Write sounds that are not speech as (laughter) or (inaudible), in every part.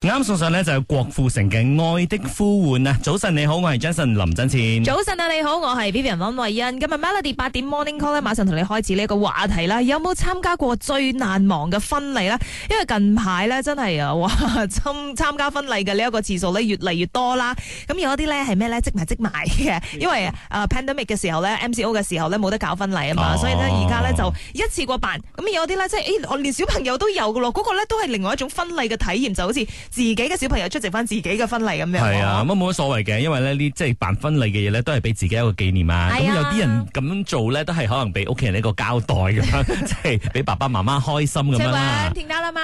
啱送上呢，就係郭富城嘅《愛的呼喚》啊！早晨你好，我係 Jason 林振倩。早晨啊，你好，我係 Vivian 溫慧欣。今日 Melody 八點 Morning Call 咧，馬上同你開始呢一個話題啦。有冇參加過最難忘嘅婚禮咧？因為近排咧真係啊，哇，參加婚禮嘅呢一個次數咧越嚟越多啦。咁有啲咧係咩咧？積埋積埋嘅，因為啊、嗯呃、Pandemic 嘅時候咧，MCO 嘅時候咧冇得搞婚禮啊嘛，哦、所以咧而家咧就一次過辦。咁有啲咧即係誒，我連小朋友都有噶咯，嗰、那個咧都係另外一種婚禮嘅體驗，就好似，自己嘅小朋友出席翻自己嘅婚禮咁樣，係啊，乜冇乜所謂嘅，因為呢呢即係辦婚禮嘅嘢咧，都係俾自己一個紀念啊。咁、哎、呀有啲人咁做咧，都係可能俾屋企人一個交代咁樣， (laughs) 即係俾爸爸媽媽開心咁樣啦。陳冠聽到了嗎？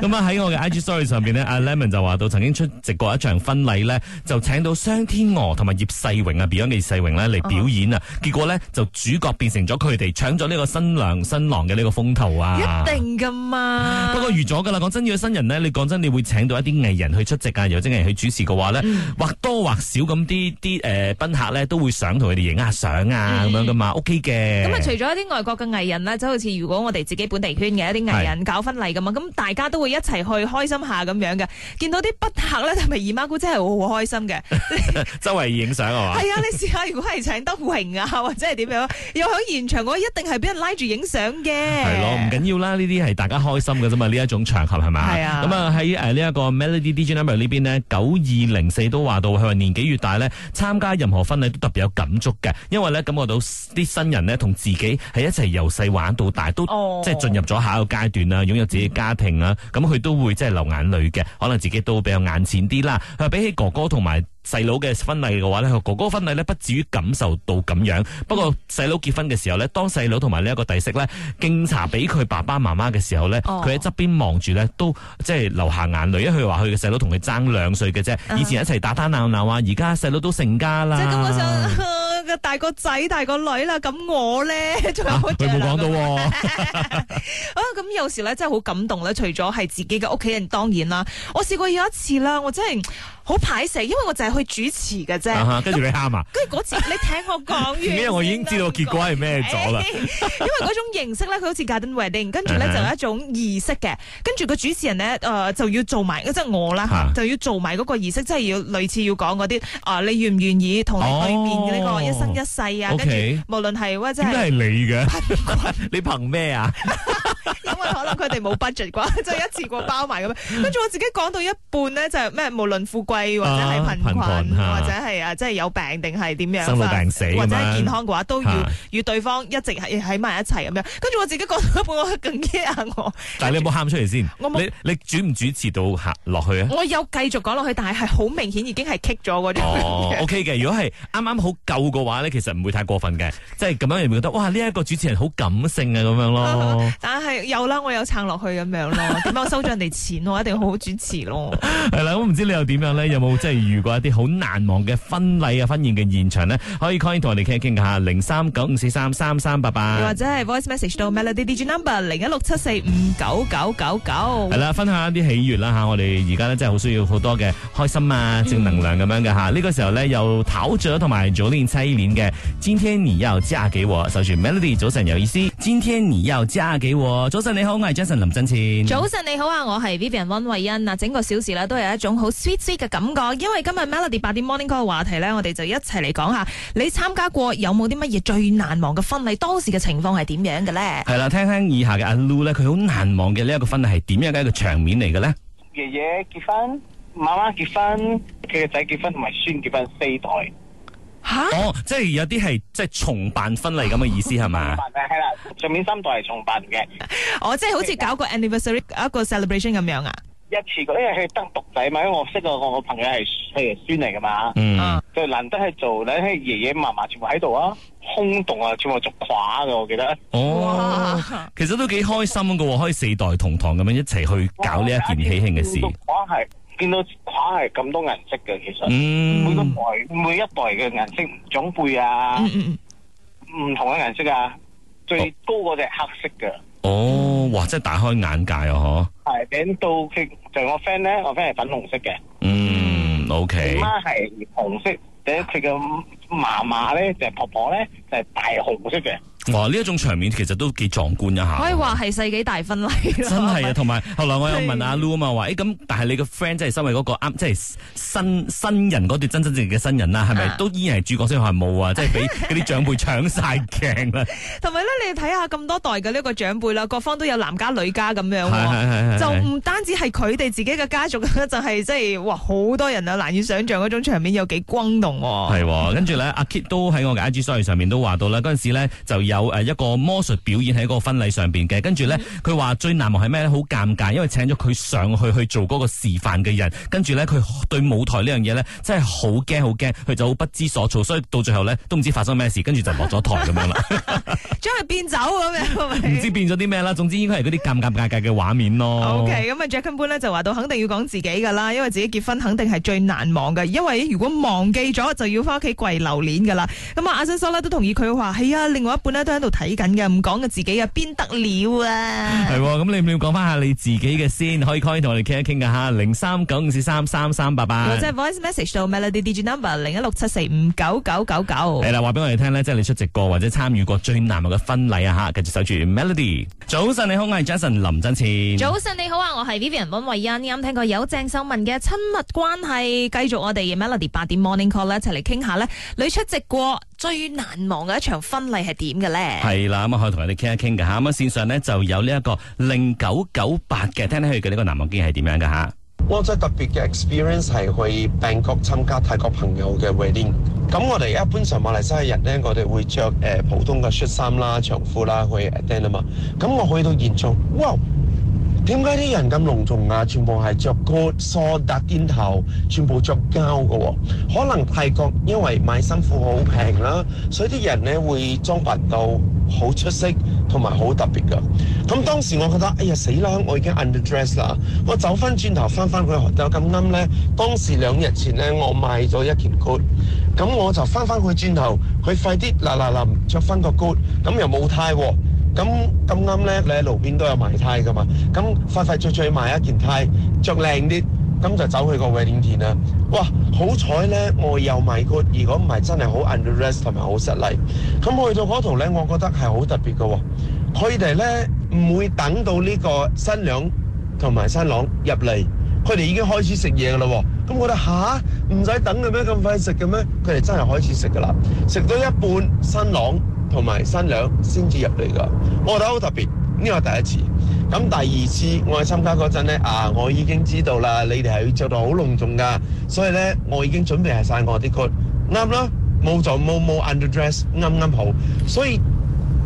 咁啊喺我嘅 IG story 上邊咧，阿、 (laughs) 啊、Lemon 就話到曾經出席過一場婚禮咧，就請到雙天鵝同埋葉世榮啊 Beyond 嘅葉世榮咧嚟表演啊，哦、結果咧就主角變成咗佢哋，搶咗呢個新娘新郎嘅呢個風頭啊，一定噶嘛。 (laughs) 不過預咗噶啦，講真，要新人咧。你講真，你會請到一啲藝人去出席啊，又或者係去主持嘅話咧，或多或少咁啲啲誒賓客咧都會想同佢哋影下相啊咁樣噶嘛，OK 嘅。咁啊，除咗一啲外國嘅藝人啦，就好似如果我哋自己本地圈嘅一啲藝人搞婚禮咁啊，咁大家都會一齊去開心下咁樣嘅。見到啲賓客咧，係咪姨媽姑姐係好開心嘅？ (laughs) 周圍影相係嘛？係啊，你試下如果係請德榮啊，或者係點樣，又喺現場嘅話，一定係俾人拉住影相嘅。係咯，唔緊要啦，呢啲係大家開心嘅啫嘛，呢一種場合係嘛？係啊。咁啊喺誒呢一個 Melody DJ Number 呢邊咧，九二零四都話到，佢話年紀越大咧，參加任何婚禮都特別有感觸嘅，因為咧感覺到啲新人咧同自己係一齊由細玩到大，都即係進入咗下一個階段啦，擁有自己嘅家庭啦，咁佢、嗯啊嗯、都會即係流眼淚嘅，可能自己都比較眼淺啲啦。佢話比起哥哥同埋細佬嘅婚禮嘅話咧，哥哥婚禮咧，不至於感受到咁樣。不過細佬、嗯、結婚嘅時候咧，當細佬同埋呢一個弟媳咧敬茶俾佢爸爸媽媽嘅時候咧，佢喺側邊望住咧，都即係流下眼淚。因為佢話佢嘅細佬同佢爭兩歲嘅啫，以前一齊打打鬧鬧啊，而家細佬都成家啦。即係咁，我想個大個仔大個女啦，咁我咧仲有佢冇講到啊！咁、 (laughs) (laughs) 啊嗯、有時咧真係好感動咧。除咗係自己嘅屋企人，當然啦，我試過有一次啦，我真係。好排成，因為我就係去主持嘅啫，跟住、uh huh, 你喊啊，跟住嗰次，你聽我講完，因為我已經知道結果係咩咗啦。欸、因為嗰種形式咧，佢 (laughs) 好似 garden wedding，跟住咧就係一種儀式嘅。跟住個主持人咧，誒、呃、就要做埋，即係我啦、uh huh. 就要做埋嗰個儀式，即係要類似要講嗰啲啊，你願唔願意同你對面嘅呢個一生一世啊？跟住、oh, okay. 無論係喂，即係點係你嘅， (laughs) (laughs) 你憑咩啊？ (laughs) 因為 (laughs) 可能佢哋冇 budget 啩，即係一次過包埋咁樣。跟住我自己講到一半咧，就咩、是、無論富貴或者係貧困，或者係啊，啊即係有病定係點樣，生病死或者健康嘅話，都要與、啊、對方一直喺埋一齊咁樣。跟住我自己講到一半，我更驚啊我。但係你有冇喊出嚟先？你你主唔主持到落去啊？我有繼續講落去，但係係好明顯已經係 cut 咗嗰種。OK 嘅。如果係啱啱好夠嘅話咧，其實唔會太過分嘅。即係咁樣，你會覺得哇，呢、這、一個主持人好感性啊，咁樣咯。 (laughs) (laughs) 但係有。我有撐落去咁樣咯，點解我收咗人哋錢， (laughs) 我一定好好主持咯。係啦， (laughs) 我唔知你又點樣咧，有冇即係遇過一啲好難忘嘅婚禮啊婚宴嘅現場咧？可以 call 同我哋傾一傾嘅嚇，零三九五四三三三八八，或者係 voice message 到 melody DJ number 零一六七四五九九九九。係啦，分享一啲喜悅啦嚇，我哋而家咧真係好需要好多嘅開心啊正能量咁樣嘅嚇。呢個時候咧有陶喆同埋早年 Jolin 嘅，今天你要嫁給我，收住 melody 早晨有意思，今天你要嫁給我，早晨。你好，我係 Jason 林振前。早晨，你好啊，我係 Vivian 溫慧欣啊。整個小時咧都有一種好 sweet 嘅感覺，因為今日 Melody 八點 morning call 嘅話題咧，我哋就一齊嚟講下，你參加過有冇啲乜嘢最難忘嘅婚禮？當時嘅情況係點樣嘅咧？係啦，聽聽以下嘅阿 Lu 咧，佢好難忘嘅呢一個婚禮係點樣嘅一個場面嚟嘅咧？爺爺結婚，媽媽結婚，佢嘅仔結婚同埋孫結婚，四代。哦，即係有啲係即係重辦婚禮咁嘅意思係嘛？係啦，上面三代係重辦嘅。哦，即係好似搞個 anniversary，一個 celebration 咁樣啊？一次過，因為係得獨仔嘛，因為我識個我我朋友係係孫嚟噶嘛。嗯，就、啊、難得去做咧，爺爺嫲嫲全部喺度啊，空洞啊，全部砸垮嘅，我記得。哦，其實都幾開心嘅，可以四代同堂咁樣一齊去搞呢一件喜慶嘅事。見到跨係咁多顏色嘅，其實每一代每一代嘅顏色，長輩啊，唔、嗯嗯、同嘅顏色啊，哦、最高嗰隻黑色嘅。哦，或者係大開眼界啊！嗬。係，跟到佢就我 friend 咧，我 friend 係粉紅色嘅。嗯，O K。媽、okay、係紅色，跟住佢嘅嫲嫲咧，就係、婆婆咧，就係、是、大紅色嘅。呢一種場面其實都幾壯觀一下，可以話係世紀大婚禮 (laughs) 真係啊，同埋有 (laughs) 後來我又問阿 Lu 啊嘛，話：，咁、哎，但係你個 friend 即係身為嗰個啱，即係新新人嗰段真真正正嘅新人啦，係咪、啊、都依然係主角先還冇啊？ (laughs) 即係俾嗰啲長輩搶晒鏡啦。同埋咧，你睇下咁多代嘅呢個長輩啦，各方都有男家女家咁樣，是是是是是就唔單止係佢哋自己嘅家族，就係、是、即係哇，好多人啊，難以想像嗰種場面有幾轟動、啊。係， (laughs) (laughs) 跟住咧，阿 Kit 都喺我嘅 IG story 上面都話到啦，嗰陣時咧就誒一個魔術表演喺嗰個婚禮上邊嘅，跟住咧佢話最難忘係咩咧？好尷尬，因為請咗佢上去去做嗰個示範嘅人，跟住咧佢對舞台呢樣嘢咧，真係好驚好驚，佢就好不知所措，所以到最後咧都唔知發生咩事，跟住就落咗台咁樣啦，將係 (laughs) 變走咁樣，唔 (laughs) 知變咗啲咩啦。總之應該係嗰啲尷尷尬尬嘅畫面咯。O K，咁啊 Jacken 潘咧就話到肯定要講自己噶啦，因為自己結婚肯定係最難忘嘅，因為如果忘記咗就要翻屋企跪榴蓮噶啦。咁啊阿新莎啦都同意佢話係啊，另外，另外，另外一半咧。喺度睇緊嘅，唔講嘅自己啊，邊得了啊？係喎，咁你唔要講翻下你自己嘅先，可以 call 同我哋傾一傾㗎吓，零三九五四三三三八八，或者 voice message 到 melody D G number 零一六七四五九九九九。係啦，話俾我哋聽咧，即係你出席過或者參與過最難忘嘅婚禮啊吓，繼續守住 melody。早晨你好，我係 Jason 林振前。早晨你好啊，我係 Vivian 溫慧欣。啱啱聽過有鄭秀文嘅親密關係，繼續我哋 melody 八點 morning call 一齊嚟傾下咧，你出席過。最難忘嘅一場婚禮係點嘅咧？係啦，咁啊可以同我哋傾一傾嘅吓。咁啊線上咧就有呢一個零九九八嘅，聽聽佢嘅呢個難忘經歷係點樣嘅吓。我最特別嘅 experience 係去曼谷參加泰國朋友嘅 wedding。咁我哋一般上馬來西亞人咧，我哋會着誒、呃、普通嘅恤衫啦、長褲啦去 attend 啊嘛。咁我去到現場，哇！點解啲人咁隆重啊？全部係著個梳達肩頭，全部着膠噶喎、哦。可能泰國因為買衫褲好平啦，所以啲人咧會裝扮到好出色同埋好特別噶。咁當時我覺得，哎呀死啦！我已經 underdress 啦，我走翻轉頭翻翻去杭州咁啱咧。當時兩日前咧，我買咗一件 coat，咁我就翻翻去轉頭，佢快啲嗱嗱臨著翻個 coat，咁又冇太咁咁啱咧，你喺路邊都有賣呔噶嘛？咁快快脆脆買一件呔，着靚啲，咁就走去個 wedding dinner 啦。哇！好彩咧，我又買佢。如果唔係，真係好 underdress 同埋好失禮。咁去到嗰度咧，我覺得係好特別嘅。佢哋咧唔會等到呢個新娘同埋新郎入嚟，佢哋已經開始食嘢噶啦。咁我哋嚇唔使等嘅咩？咁快食嘅咩？佢哋真係開始食噶啦。食到一半，新郎同埋新娘先至入嚟噶，我覺得好特別。呢個係第一次咁，第二次我去參加嗰陣咧，啊，我已經知道啦，你哋係要着到好隆重噶，所以呢，我已經準備係曬我啲 coat 啱啦，冇就冇冇 underdress，啱啱好。所以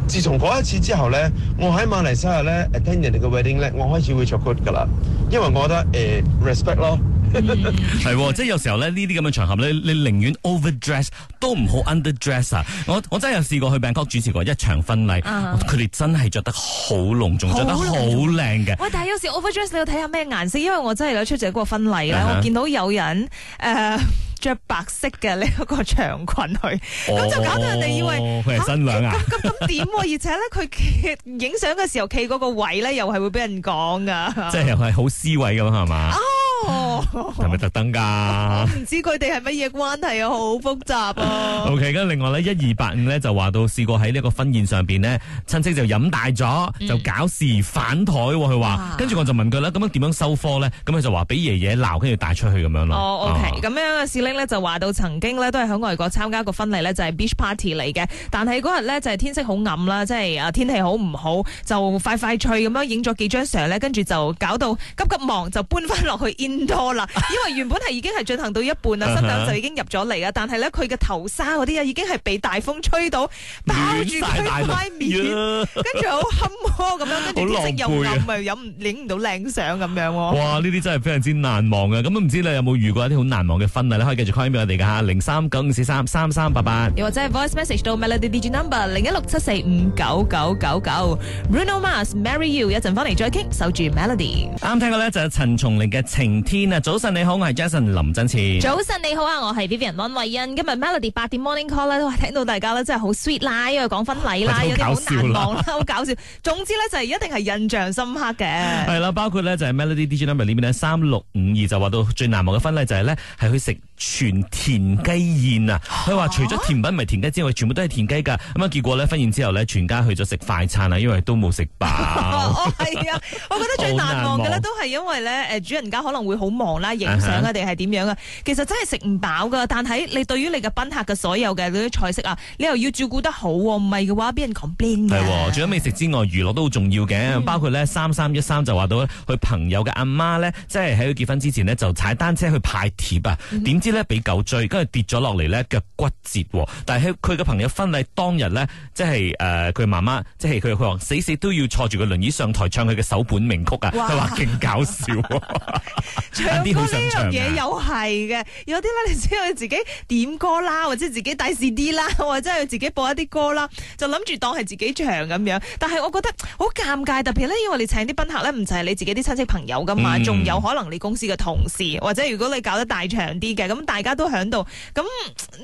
自從嗰一次之後呢，我喺馬來西亞呢 attend 人哋嘅 wedding 咧，我開始會着 coat 㗎啦，因為我覺得、呃、respect 咯。係 ess Yan，即 (noise) 係樂、啊就是、有時候咧，呢啲咁嘅場合咧，你寧願 over dress 都唔好 under dress 啊！我我真係有試過去曼谷主持過一場婚禮，佢哋、uh, 真係着、ok, 得好隆重，着得好靚嘅。喂、嗯，但係有時 over dress 你要睇下咩顏色，因為我真係有出席過婚禮咧，uh huh. 我見到有人誒着、呃、白色嘅呢個長裙去，咁就搞到人哋以為佢係新娘啊！咁咁點？而且咧，佢影相嘅時候企嗰個位咧，又係會俾人講噶，即係又係好 C 位咁係嘛？ (music) 係咪特登噶？唔 (laughs) (laughs) 知佢哋係乜嘢關係啊，好複雜啊。O K，咁另外呢，一二八五咧就話到試過喺呢一個婚宴上邊呢，親戚就飲大咗，嗯、就搞事反台。佢話，跟住、啊、我就問佢咧，咁樣點樣收科呢？爺爺」咁佢就話俾爺爺鬧，跟住帶出去咁樣咯。O K，咁樣啊。事例呢就話到曾經呢都係喺外國參加一個婚禮呢，就係 beach party 嚟嘅。但係嗰日呢，就係、是、天色好暗啦，即係啊天氣好唔好，就快快脆咁樣影咗幾張相呢。跟住就搞到急急忙就搬翻落去 indoor 嗱，因為原本係已經係進行到一半啦，新娘就已經入咗嚟啊，但係咧佢嘅頭紗嗰啲啊，已經係被大風吹到包住佢塊面，跟住好冚咁樣，跟住天色又暗，咪影唔影唔到靚相咁樣喎。哇！呢啲真係非常之難忘嘅，咁都唔知你有冇遇過一啲好難忘嘅婚禮咧，可以繼續 call 翻俾我哋㗎嚇，零三九五四三三三八八，又或者係 voice message 到 Melodydigitnumber 零一六七四五九九九九，Bruno Mars，Marry You，一陣翻嚟再傾，守住 Melody。啱聽過咧就係陳松伶嘅晴天。早晨你好，我係 Jason 林振賜。早晨你好啊，我係 Vivian 溫慧欣。今日 Melody 八點 Morning Call 咧，聽到大家咧真係好 sweet 啦，因為講婚禮啦， (laughs) 有啲好難忘啦，好 (laughs) 搞笑。總之咧就係一定係印象深刻嘅。係啦，包括咧就係 Melody DJ number 呢邊咧三六五二，3, 6, 5, 2, 就話到最難忘嘅婚禮就係咧係去食。全田雞宴啊！佢話除咗甜品唔係田雞之外，全部都係田雞噶。咁啊，結果呢，婚宴之後呢，全家去咗食快餐啊，因為都冇食飽。係啊、 (laughs) 哦，我覺得最難忘嘅咧，都係因為呢，誒，主人家可能會好忙啦，影相啊，定係點樣啊？Uh huh. 其實真係食唔飽噶，但係你對於你嘅賓客嘅所有嘅嗰啲菜式啊，你又要照顧得好，唔係嘅話，俾人 complain 嘅。係，除咗美食之外，娛樂都好重要嘅，包括呢，三三一三就話到佢朋友嘅阿媽呢，即係喺佢結婚之前呢，就踩單車去派帖啊，點知？咧俾狗追，跟住跌咗落嚟咧，腳骨折。但係佢佢嘅朋友婚禮當日咧，即係誒，佢、呃、媽媽即係佢，佢話死死都要坐住個輪椅上台唱佢嘅首本名曲啊！佢話勁搞笑，啊，唱啲呢樣嘢，又係嘅。有啲咧，你只有自己點歌啦，或者自己帶 CD 啦，或者係自己播一啲歌啦，就諗住當係自己唱咁樣。但係我覺得好尷尬，特別咧，因為你請啲賓客咧，唔就係你自己啲親戚朋友噶嘛，仲、嗯、有可能你公司嘅同事，或者如果你搞得大場啲嘅。咁大家都喺度，咁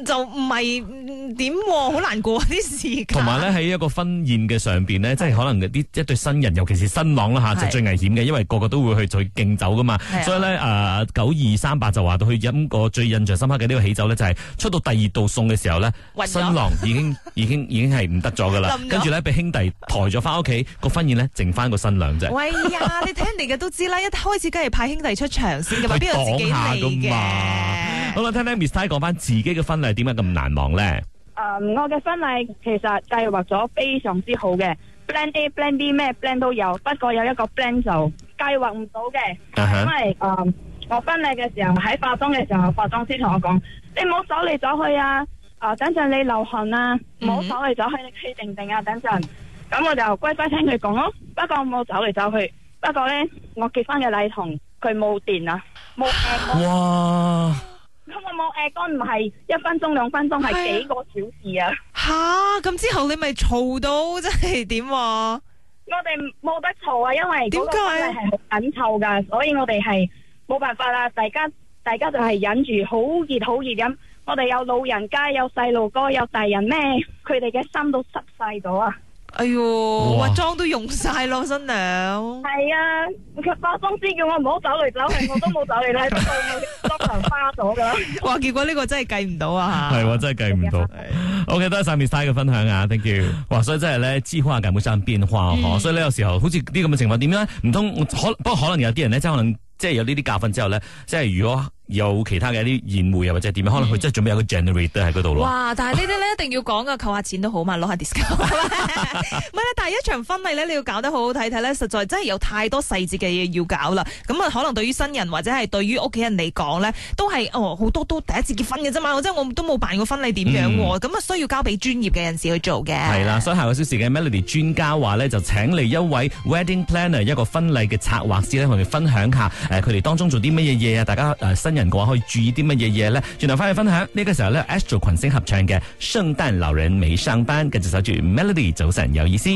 就唔係點，好難過啲事，同埋咧喺一個婚宴嘅上邊呢，即係可能啲一對新人，尤其是新郎啦吓，就最危險嘅，因為個個都會去去敬酒噶嘛。所以咧，誒九二三八就話到去飲個最印象深刻嘅呢個喜酒咧，就係出到第二道送嘅時候咧，新郎已經已經已經係唔得咗噶啦，跟住咧俾兄弟抬咗翻屋企，個婚宴咧剩翻個新娘啫。喂呀，你聽嚟嘅都知啦，一開始梗係派兄弟出場先噶嘛，邊有自己嚟嘅？好啦，聽聽 Mister 講翻自己嘅婚禮點解咁難忘咧？誒、uh huh. 嗯，我嘅婚禮其實計劃咗非常之好嘅 Blend 啲 Blend 啲咩 Blend 都有。不過有一個 Blend 就計劃唔到嘅，因為誒、嗯、我婚禮嘅時候喺化妝嘅時候，化妝師同我講：你唔好走嚟走去啊！誒、啊，等陣你流汗啊，唔好走嚟走去，你氣定定啊，等陣。咁、uh huh. 我就乖乖聽佢講咯。不過我冇走嚟走去。不過咧，我結婚嘅禮堂佢冇電啊，冇誒。 (laughs) 哇！我有冇誒？唔係一分鐘、兩分鐘，係幾個小時啊？吓、啊！咁之後你咪嘈到，即係點？我哋冇得嘈啊，因為點解係好緊湊噶，所以我哋係冇辦法啦。大家大家就係忍住，好熱好熱咁。我哋有老人家，有細路哥，有大人咩？佢哋嘅心都濕晒咗啊！哎呦，我哇哇妝都用晒咯 (laughs) 新娘。係啊，化妝師叫我唔好走嚟走去，我都冇走嚟啦，到我妝頭花咗噶。哇，結果呢個真係計唔到啊吓。係， (laughs) 我真係計唔到。 (laughs) (laughs) OK，多謝 Miss Tai 嘅分享啊 (laughs) ，Thank you。哇，所以真係咧，知化嘅冇生變化嗬， (laughs) 所以呢有時候好似啲咁嘅情況點咧，唔通可不過可能有啲人咧，即係可能即係有呢啲教訓之後咧，即係如果。有其他嘅啲宴會啊或者點樣，可能佢真係準備有個 generator 喺嗰度咯。哇！但係呢啲咧一定要講噶，扣下錢都好嘛，攞下 discount。 (laughs) (laughs) 唔係，但係一場婚禮咧，你要搞得好好睇睇咧，實在真係有太多細節嘅嘢要搞啦。咁啊，可能對於新人或者係對於屋企人嚟講咧，都係哦好多都第一次結婚嘅啫嘛，即真係我都冇辦過婚禮點樣、啊，咁啊、嗯、需要交俾專業嘅人士去做嘅。係啦，所以下個小時嘅 Melody 專家話咧，就請嚟一位 Wedding Planner，一個婚禮嘅策劃師咧，同你分享下誒佢哋當中做啲乜嘢嘢啊，大家誒、呃、新。人嘅話可以注意啲乜嘢嘢咧？轉頭翻去分享呢、這個時候咧，Astro 群星合唱嘅《聖誕老人未上班》，跟住守住 Melody 早晨有意思。